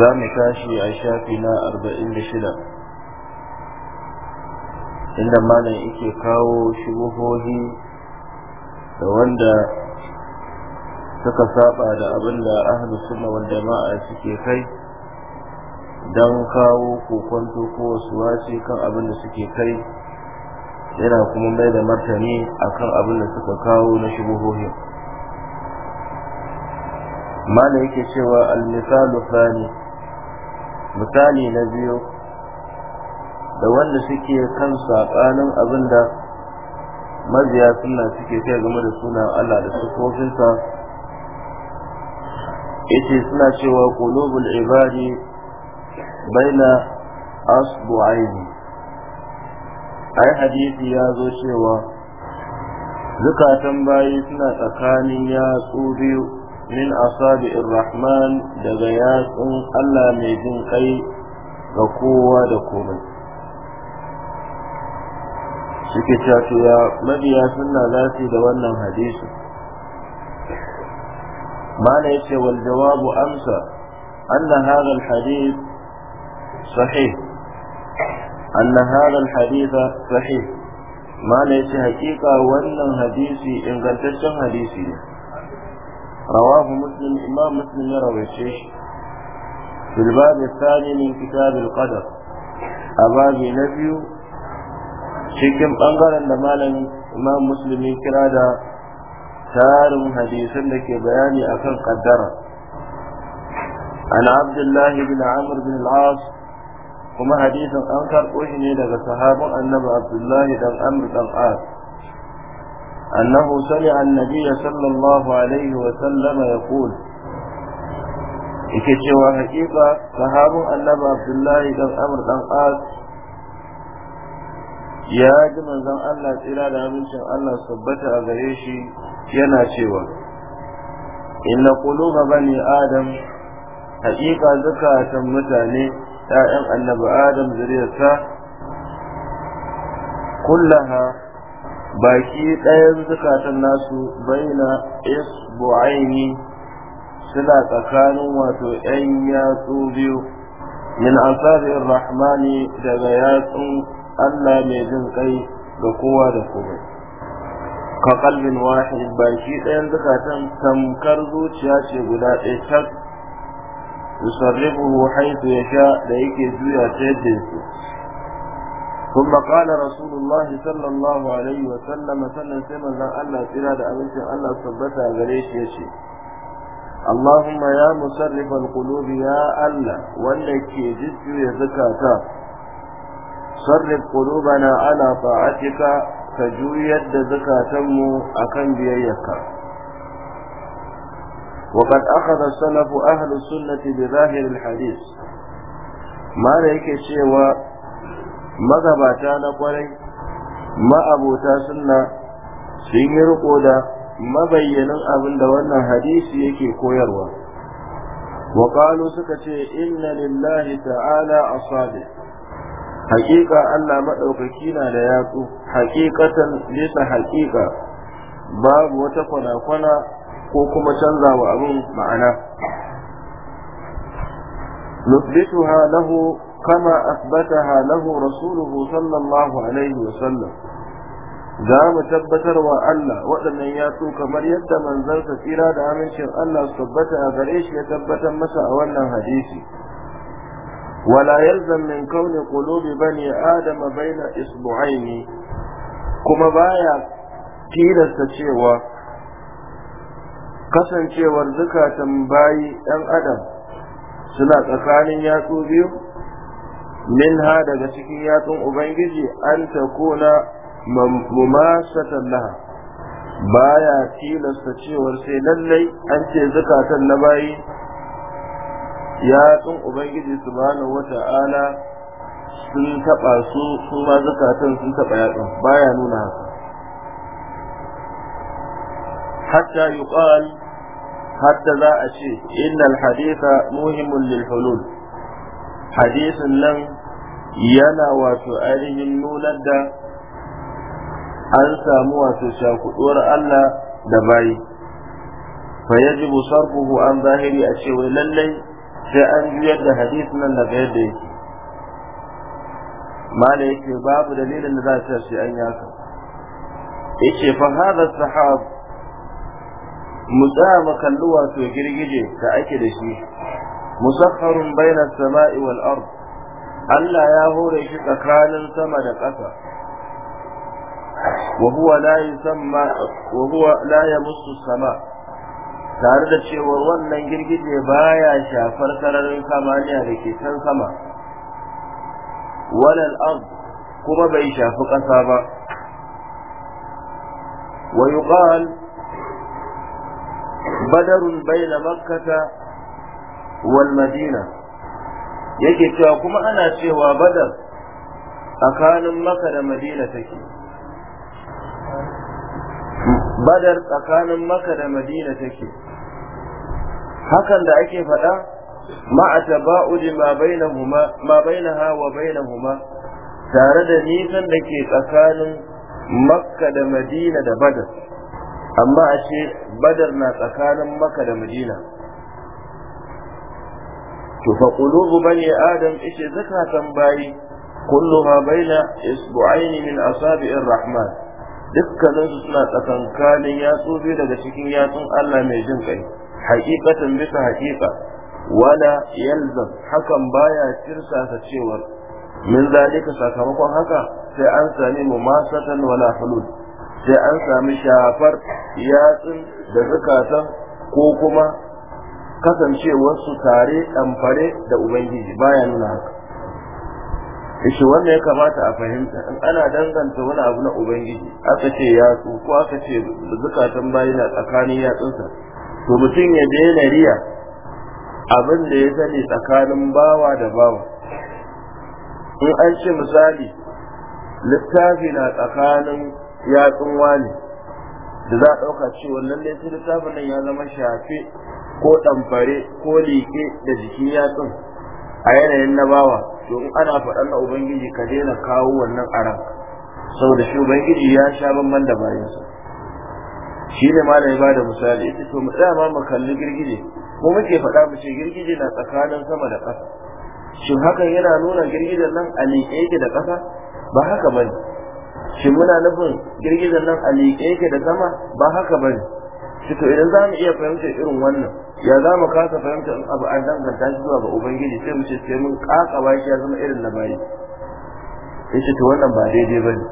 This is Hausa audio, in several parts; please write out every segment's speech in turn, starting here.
za mu tashi a shafi na arba'in da shida inda malam yake kawo shubuhohi da wanda suka saba da abin da ahlus sunna wal jama'a suke kai dan kawo kokonto ko wasu wasi kan abin da suke kai yana kuma mai da martani akan abin da suka kawo na shubuhohi malam yake cewa al-misalu misali na biyu da wanda suke kan saɓanin abin da maziya suna suke kai game da sunan Allah da sufofinsa ita suna cewa kulubul ibadi baina asbu'aini ai hadisi ya zo cewa zukatan bayi suna tsakanin yatsu biyu min asabi'ir rahman daga yatsun Allah mai jin kai ga kowa da komai suke cewa to ya mabiya sunna za su da wannan hadisi mana yace wal jawabu amsa anna hadha al hadith sahih anna hadha al hadith sahih mana yace hakika wannan hadisi ingantaccen hadisi ne رواه مسلم إمام مسلم يروي الشيش في الباب الثاني من كتاب القدر أبابي نبي شكم أنقر لمالا إمام مسلم كرادا تارم حديثا لك بياني أكن قدرا عن عبد الله بن عمرو بن العاص كما حديثا أنكر أجني لك صحابا أنب عبد الله بن عمرو بن العاص أنه سمع النبي صلى الله عليه وسلم يقول yake cewa hakika sahabin annabi abdullahi dan amr dan as ya ji manzon Allah tsira da amincin Allah sabbata a gare shi yana cewa inna quluba bani adam hakika zakatan mutane ya'yan annabi adam zuriyarsa kullaha baki ɗayan zukatan nasu baina isbu'aini suna tsakanin wato ‘yan yatsu biyu min asarin rahmani daga yatsun Allah mai jin kai ga kowa da kowa ka kalbin wahid baki ɗayan zukatan tamkar zuciya ce guda ɗaya tak haitu ya sha da yake juya ta yadda ثم قال رسول الله صلى الله عليه وسلم سنة سمن لا ألا تراد أمسي ألا ثبتها غريش يشي اللهم يا مسرف القلوب يا ألا ولك جدت يزكاتا صرف قلوبنا على طاعتك فجويت زكاتم أكن بيك وقد أخذ السلف أهل السنة بظاهر الحديث ما رأيك شيء magabata na kwarai ma'abota sunna sun yi riko da mabayyanin abin da wannan hadisi yake koyarwa wa suka ce inna lillahi ta'ala asabi haƙiƙa Allah maɗaukaki na da yatsu haƙiƙatan bisa haƙiƙa babu wata kwana-kwana ko kuma canza wa abin ma'ana nusbituha lahu كما أثبتها له رسوله صلى الله عليه وسلم za mu tabbatar wa Allah waɗannan yatsu kamar yadda manzansa tsira da amincin Allah su tabbata a gare shi ya tabbatar masa a wannan hadisi wala yalzam ba kauni qulubi bani adam baina isbu'aini kuma baya tilasta cewa kasancewar zukatan bayi 'yan adam suna tsakanin yatsu biyu minha daga cikin yatsun ubangiji an ta kona mumasatan laha baya tilasta cewar sai lallai an ce zakatan na bayi yatsun ubangiji subhanahu wata'ala sun taba su su ma sun taba yatsun baya nuna haka hatta yuqal hatta za a ce innal haditha muhimmun lil hulul hadisin nan yana wato ainihin nunar da an samu wato shakuduwar Allah da bayi fa yaji musarfuhu an zahiri a ce wai lallai sai an juyar da hadis nan daga yadda yake mala yake babu dalilin da za a ce an yaka yace fa hada sahab mu tsaya kalli wato girgije da ake da shi musakharun bayna samai wal ard Allah ya hore shi tsakanin sama da ƙasa wa huwa la yamussu sama tare da cewa wannan girgije baya shafar sararin samaniya da ke can sama wala al kuma bai shafi ƙasa ba wa yuqal badarun na makkata wal madina yake cewa kuma ana cewa badar tsakanin maka da madina take badar tsakanin maka da madina take hakan da ake faɗa ma'a taba'udi ma bainahuma ma bainaha wa huma, tare da nisan da ke tsakanin makka da madina da badar amma ashe badar na tsakanin makka da madina to fa qulubu bani adam ita zakatan bayi kulluha baina isbu'ain min asabi'ir rahman dukkanin su suna tsakankanin yatsu biyu daga cikin yatsun Allah mai jin kai haƙiƙatan bisa haƙiƙa wala yalzam hakan baya ta cewar min zalika sakamakon haka sai an sami mumasatan wala hulul sai an sami shafar yatsun da zakatan ko kuma kasancewarsu tare ɗamfare da ubangiji baya nuna haka shi wanda ya kamata a fahimta in ana danganta wani abu na ubangiji aka ce ya ko aka ce zukatan bayi na tsakanin yatsunsa to mutum ya daina riya abin da ya sani tsakanin bawa da bawa in an ce misali littafi na tsakanin yatsun wani da za a ɗauka cewa lallai sai littafin nan ya zama shafe ko ɗamfare ko liƙe da jiki ya tsun a yanayin na bawa to in ana faɗan na ubangiji ka daina kawo wannan aran Sau saboda shi ubangiji ya sha bamban da bayansa shi ne malam ya bada misali ita to mu tsaya ma mu kalli girgije ko muke faɗa mu ce girgije na tsakanin sama da ƙasa shin hakan yana nuna girgijen nan a liƙe yake da ƙasa ba haka bane shin muna nufin girgijen nan a liƙe yake da sama ba haka bane to idan za mu iya fahimtar irin wannan ya za mu kasa fahimtar abu an danganta shi zuwa ga ubangiji sai mu ce sai mun kaka baki ya zama irin labari yace to wannan ba daidai bane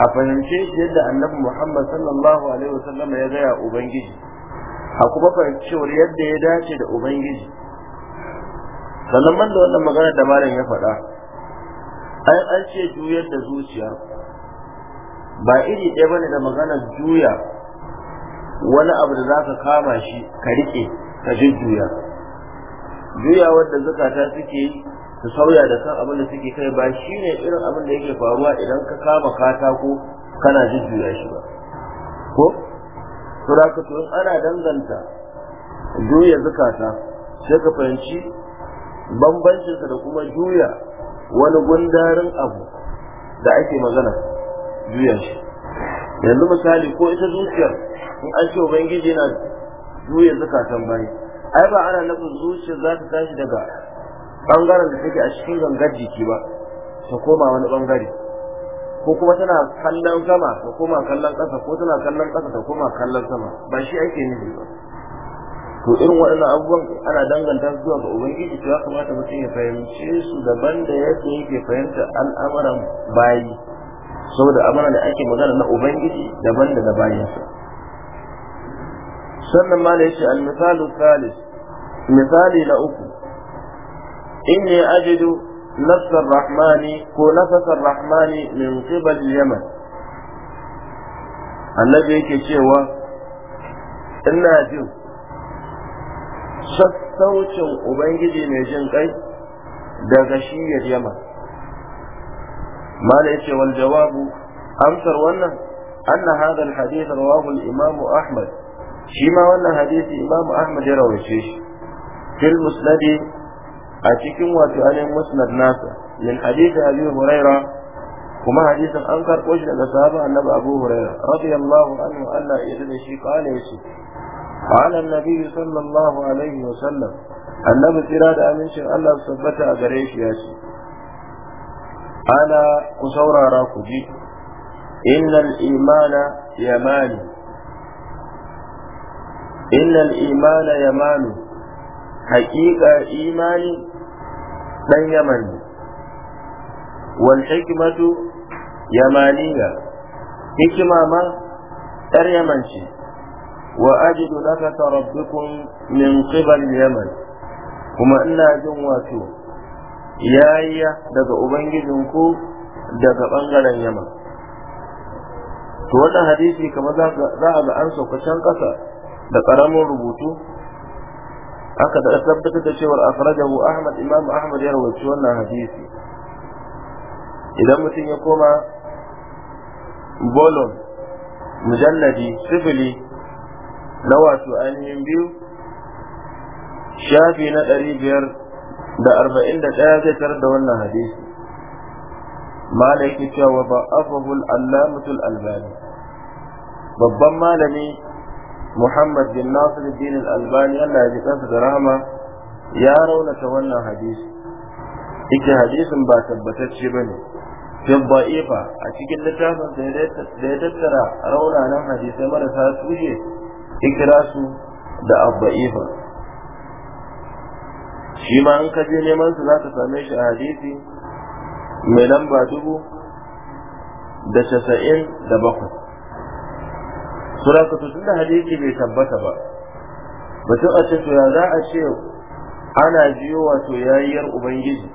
a fahimce shi yadda annabi Muhammad sallallahu alaihi wasallam ya gaya ubangiji a kuma fahimci cewar yadda ya dace da ubangiji sannan man da wannan magana da malam ya faɗa ai an ce juyar da zuciya ba iri ɗaya bane da maganar juya wani abu da za ka kama shi ka riƙe ka ji juya juya wadda zukata suke yi su sauya da kan abin da suke kai ba shi ne irin abin da yake faruwa idan ka kama katako kana juya shi ba ko surakatu in ana danganta juya zukata sai ka fahimci bambancinsa da kuma juya wani gundarin abu da ake magana juya shi yanzu misali ko ita zuciyar in an ce ubangiji na juya zukatan bayi ai ba ana nufin zuciyar za ta tashi daga bangaren da take a cikin gangar jiki ba ta koma wani bangare ko kuma tana kallon sama ta koma kallon ƙasa ko tana kallon ƙasa ta koma kallon sama ba shi ake nufi ba to irin waɗannan abubuwan ana danganta zuwa ga ubangiji to ya kamata mutum ya fahimce su daban da yadda yake fahimta al'amuran bayi saboda amana da ake magana na ubangiji daban da na bayansa sannan ma yace al misali na uku in ajidu nafs ar-rahman ko nafasar ar-rahman min qibal yaman annabi yake cewa ina jin sassaucin ubangiji mai jin kai daga shiyar yaman mala yace jawabu amsar wannan anna hadha al-hadith rawahu imam ahmad shi ma wannan hadisi imamu ahmad ya rawace shi fil musnadi a cikin wato ainihin musnad nasa min hadisi abi huraira kuma hadisin an karɓo shi daga sahaba annabi abu huraira radiyallahu anhu Allah ya da shi kala yace qala an-nabi sallallahu alaihi wa sallam annabi tsira da amincin Allah su tabbata a gare shi ya ce ala ku saurara ku ji innal imana yamani innal imana yamanu haƙiƙa imani ɗan yaman wal hikmatu yamaniya hikima ma ɗar ce wa ajidu nafaka rabbikum min qibal yaman kuma ina jin wato yayya daga ubangijinku daga ɓangaren yaman to wannan hadisi kamar za a ga an kusan ƙasa da ƙaramin rubutu aka da tabbatar da cewar akhrajahu Ahmad Imam Ahmad ya rawaito wannan hadisi idan mutum ya koma bolon mujalladi sifili na wato ainihin biyu shafi na ɗari biyar da arba'in da ɗaya zai tarar da wannan hadisi malaki cewa ba afahul allamatul albani babban malami Muhammad bin Nasir bin Al-Albani Allah ya ji kansa da rahama ya raunata wannan hadisi yake hadisin ba tabbatacce bane bin ba'ifa a cikin littafin da ya tattara raunanan hadisai marasa tuje ikira su da abba'ifa shi ma in ka neman su za ka same shi a hadisi mai lamba dubu da casa'in da bakwai suraka to tunda hadisi bai tabbata ba mutum a ce to ya za a ce ana biyo wato yayyar ubangiji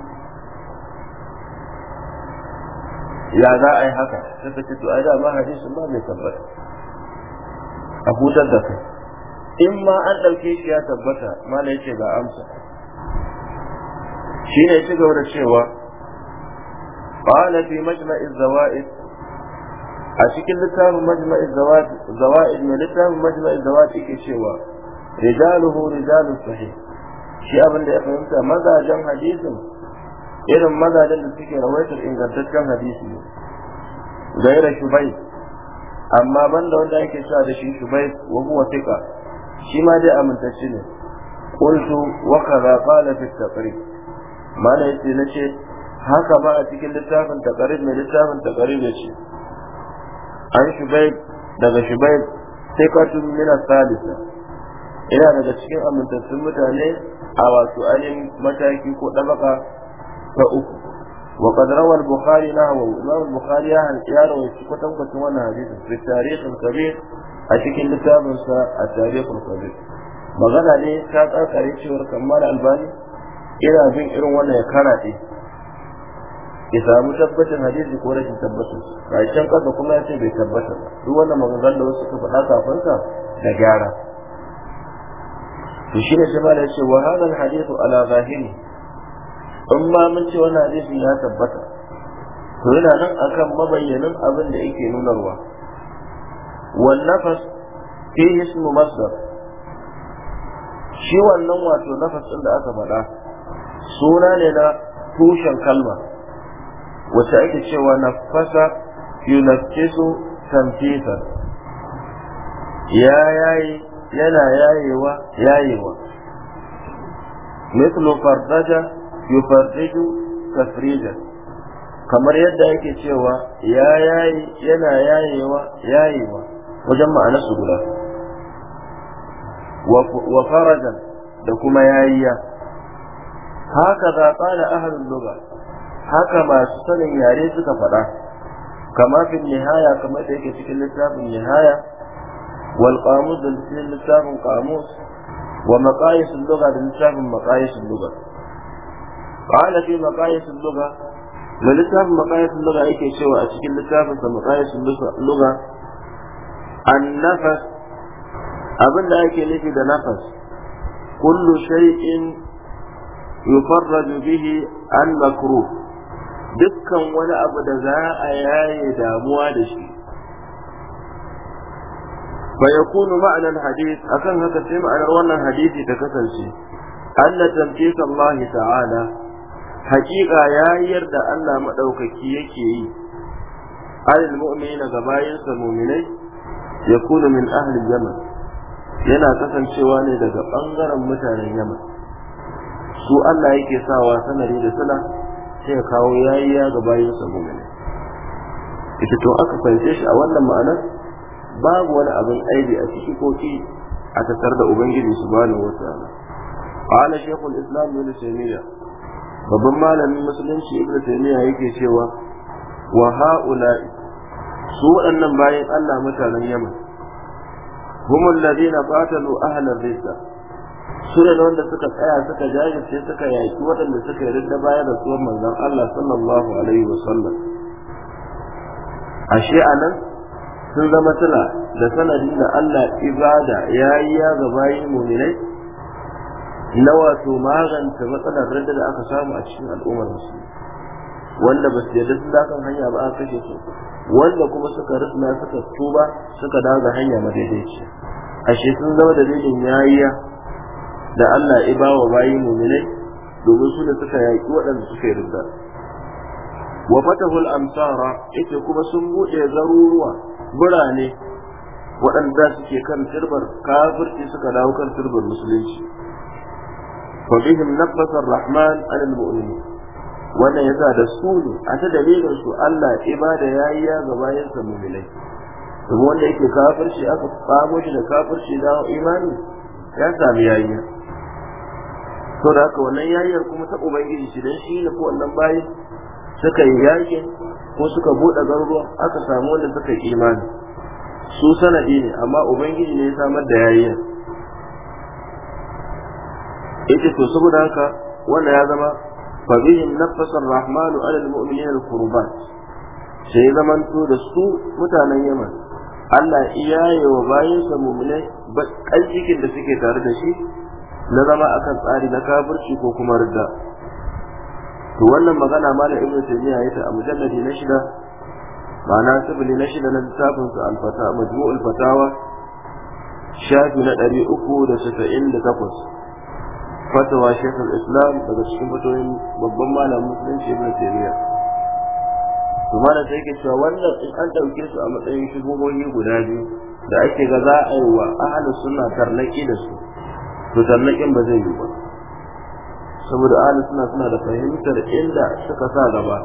ya za a yi haka sai ka to ai da ma hadisin ba mai tabbata a hutar da kai in ma an ɗauke shi ya tabbata mala yace ga amsa shi ne ci gaba da cewa قال في مجمع الزوائد a cikin littafin majma'i zawa'id mai littafin majma'i zawa'id yake cewa rijaluhu rijalun sahih shi abin da ya fahimta mazajen hadisin irin mazajen da suke rawaitar ingantaccen hadisi ne gaira shubai amma ban da wanda yake cewa da shi shubai wa huwa thiqa shi ma dai amintacce ne qultu wa kaza qala fi taqrib mala yace nace haka ba a cikin littafin taqrib mai littafin taqrib ce. an shubaib daga shubaib sai katun mina salisa ina daga cikin amintattun mutane a wasu ainihin mataki ko ɗabaka ta uku wa qadrawal bukhari na wa imam bukhari ya ya rawaita kwatan kwatan wannan hadisi fi tarikh kabir a cikin littafinsa a tarihin kabir magana ne ta tsakare cewar kammala albani ina bin irin wannan ya karaɗe Ki samu tabbacin hadisi ko rashin tabbacin rashin kasa kuma ya ce bai tabbata duk wannan maganganun da wasu suka faɗa kafin sa da gyara to shi ne shi ma da yace wa hadha al hadithu ala zahiri in ma mun ce wannan hadisin ya tabbata to yana nan akan mabayyanin abin da yake nunarwa wal nafas fihi ismu masdar shi wannan wato nafas din da aka faɗa suna ne na tushen kalma wacce ake cewa na nafasa yunaffisu tamfisa ya yayi yana yayewa yayewa mithlu fardaja yufarriju tafrija kamar yadda yake cewa ya yayi yana yayewa yayewa wajen ma'ana su guda wa farajan da kuma yayiya haka za tsala ahalin lugar haka masu sanin yare suka faɗa kama fin nihaya kamar da yake cikin littafin nihaya wal qamus da cikin littafin qamus wa maqayis al-lugha da littafin maqayis al-lugha qala fi maqayis al-lugha da littafin maqayis al-lugha yake cewa a cikin littafin sa maqayis al-lugha an-nafas abin da ake nufi da nafas kullu shay'in yufarraju bihi an-makruh dukkan wani abu da za a yaye damuwa da shi fa yakunu ma'anar hadith akan haka sai ma'anar wannan hadisi ta kasance Allah tamkis Allah ta'ala hakika yayar da Allah madaukaki yake yi alil mu'minina ga bayinsa mu'minai yakunu min ahli yaman yana kasancewa ne daga ɓangaren mutanen yaman su Allah yake sawa sanari da suna? sai ya kawo yayiya ga bayan sa ita to aka fahimce shi a wannan ma'anar babu wani abin aibi a ciki ko a tattar da ubangiji wata. wataala qala shaykhul islam ibn taymiya babban malamin musulunci ibn taymiya yake cewa wa haula su waɗannan bayan Allah mutanen Yaman هم الذين قاتلوا أهل الردة su ne wanda suka tsaya suka jajirce suka yaki waɗanda suka yi da baya da tsohon manzon Allah sallallahu alaihi wa sallam ashe a nan, sun zama tuna da sanadi na Allah ibada ya yi ya ga bayin mu'minai na wato magance matsalar radda da aka samu a cikin al'ummar musulmi wanda ba su yarda sun dakan hanya ba a kashe su wanda kuma suka rusna suka tuba suka daga hanya madaidaici ashe sun zama dalilin yayiya da Allah ya ba wa bayi mu'minai domin su da suka yaƙi waɗanda suka yi ridda wa fatahul amsara ita kuma sun buɗe zaruruwa birane waɗanda suke kan turbar kafirci suka dawo kan turbar musulunci fa bihim nabbasa rahman alal mu'minin wannan yasa da su ne a ta dalilin su Allah ibada yayi ya ga bayan sa mu'minai Domin wanda yake kafirci aka kamo shi da kafirci da imani ya sami yayi so da haka wannan yayyar kuma ta ubangiji shi dan shi ne ko wannan bayi suka yi yaƙi ko suka buɗe garuruwa aka samu wanda suka yi imani su sanadi ne amma ubangiji ne ya samar da yayyar yace to saboda haka wannan ya zama fabihim nafasa rahmanu ala al alqurbat sai zamanto da su mutanen yaman Allah iya yi wa bayansa mummunai baƙar cikin da suke tare da shi na zama akan tsari na kafirci ko kuma ridda to wannan magana malam ibnu taymiya ya ta a mujalladi na shida ma'ana sibili na shida na littafin su al-fata majmu'ul fatawa shafi na ɗari uku da da takwas. fatawa shekul islam daga cikin fatoyin babban malamin musulunci ibn taymiya to malam sai ke cewa wannan in an ɗauke su a matsayin shugabanni guda biyu da ake ga za a yi wa ahlus sunna tarnaki da su to tallakin ba zai yi ba saboda ahli suna suna da fahimtar inda suka sa gaba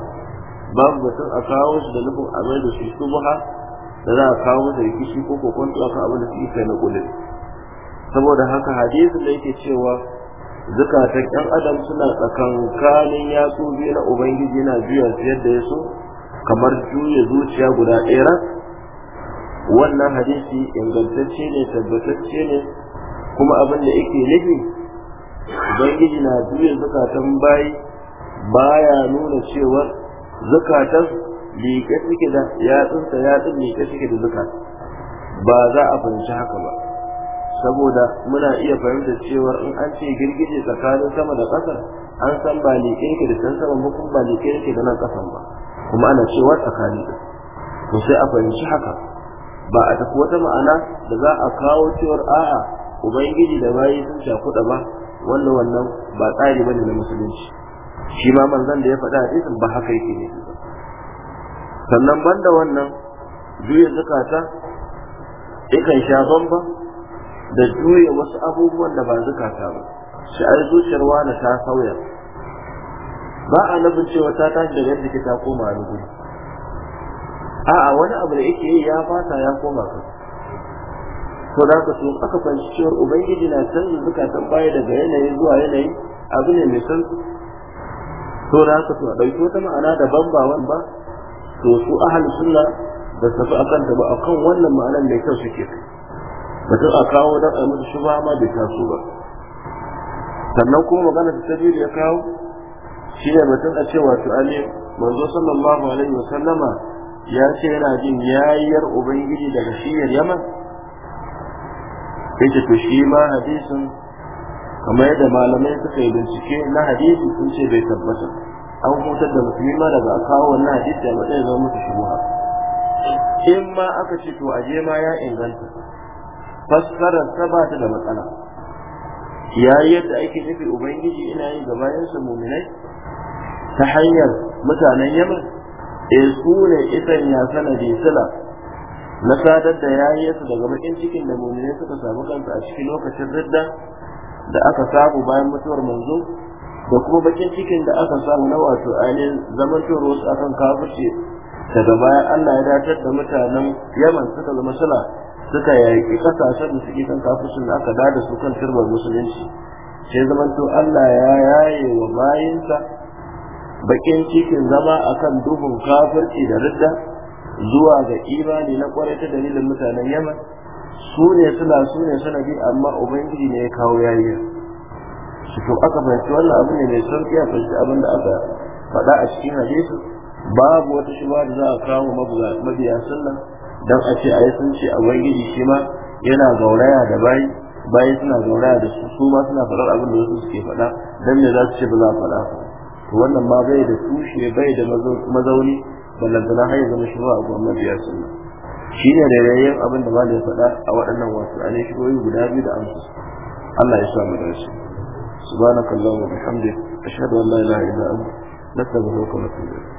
babu batun a kawo su da nufin abin da su subha da za a kawo musu rikici ko kokonto aka abin da su kai na kulin saboda haka hadisin da yake cewa zukatan yan adam suna tsakankanin yatsu biyu na ubangiji yana biyar su yadda ya so kamar juya zuciya guda ɗaya wannan hadisi ingantacce ne tabbatacce ne kuma abin da yake nufi ubangiji na juya zukatan bayi baya nuna cewar zukatan liƙe suke da yatsunsa yatsun liƙe suke da zukatan ba za a fahimci haka ba saboda muna iya fahimta cewar in an ce girgije tsakanin sama da ƙasa an san ba liƙe yake da can sama ba kuma ba liƙe yake da nan ƙasan ba kuma ana cewa tsakani ɗin to sai a fahimci haka ba a tafi wata ma'ana da za a kawo cewar a'a ubangiji da bayi sun cakuɗa ba wannan wannan ba tsari bane na musulunci shi ma manzon da ya faɗa hadisin ba haka yake ne sannan banda wannan juya zakata ikan sha bamba da juya wasu abubuwan da ba zakata ba shi ai zuciyar wani ta sauya ba a nufin cewa ta tashi daga yadda ta koma a a'a wani abu da yake yi ya fata ya koma kai to da ka so aka fahimci cewar ubangiji na canza zukatan baya daga yanayi zuwa yanayi abu ne mai san to da ka so a ɗauki wata ma'ana daban ba wani ba to su ahalin sunna da su akan ba akan wannan ma'anar mai kyau suke Ba batun a kawo dan a ta ba ma bai taso ba sannan kuma magana da tabiru ya kawo shi ne mutum a cewa su ali manzo sallallahu alaihi wasallama ya ce yana jin yayyar ubangiji daga shiyar yaman yake to shi ma hadisin kamar yadda malamai suka yi bincike na hadisi sun ce bai tabbata an hutar da musulmi ma daga kawo wannan hadisi a matsayin zama musu shubuha in ma aka ce to aje ma ya inganta fassarar ta ba ta da matsala ya yi yadda ake nufi ubangiji ina yin su muminai ta hanyar mutanen yamma? e eh, su ne isan ya sanadi sila na sadar da yayiyarsa daga bakin cikin da mummune suka samu kansa a cikin lokacin ridda da aka samu bayan mutuwar manzo da kuma bakin cikin da aka samu na wato ainihin zaman wasu akan kafirce daga baya Allah ya dacar da mutanen Yaman suka zama suna suka yaƙi ƙasashen da suke kan kafircin da aka dada su kan turbar musulunci sai zaman to Allah ya yaye wa bayinsa bakin cikin zama akan duhun kafirci da ridda zuwa ga imani na kwarai ta dalilin mutanen yaman su ne suna su ne suna bi amma ubangiji ne ya kawo yayi su to aka fahimci wannan abu ne mai sauki a fahimci abin da aka faɗa a cikin hadisi babu wata shuba da za a kawo mabiya sunna dan a ce yi sun ce ubangiji shi ma yana gauraya da bayi bayi suna gauraya da su su ma suna faɗar abin da wasu suke faɗa dan me za su ce ba za a faɗa wannan ma bai da tushe bai da mazauni ballantana har ya zama shirwa a gwamnati ya sunna shi ne da yayin abin da malai faɗa a waɗannan wasu a ne shigoyi guda biyu da amsa Allah ya sa mu dace subhanakallahumma wa bihamdika ashhadu an la ilaha illa anta nastaghfiruka wa natubu ilayk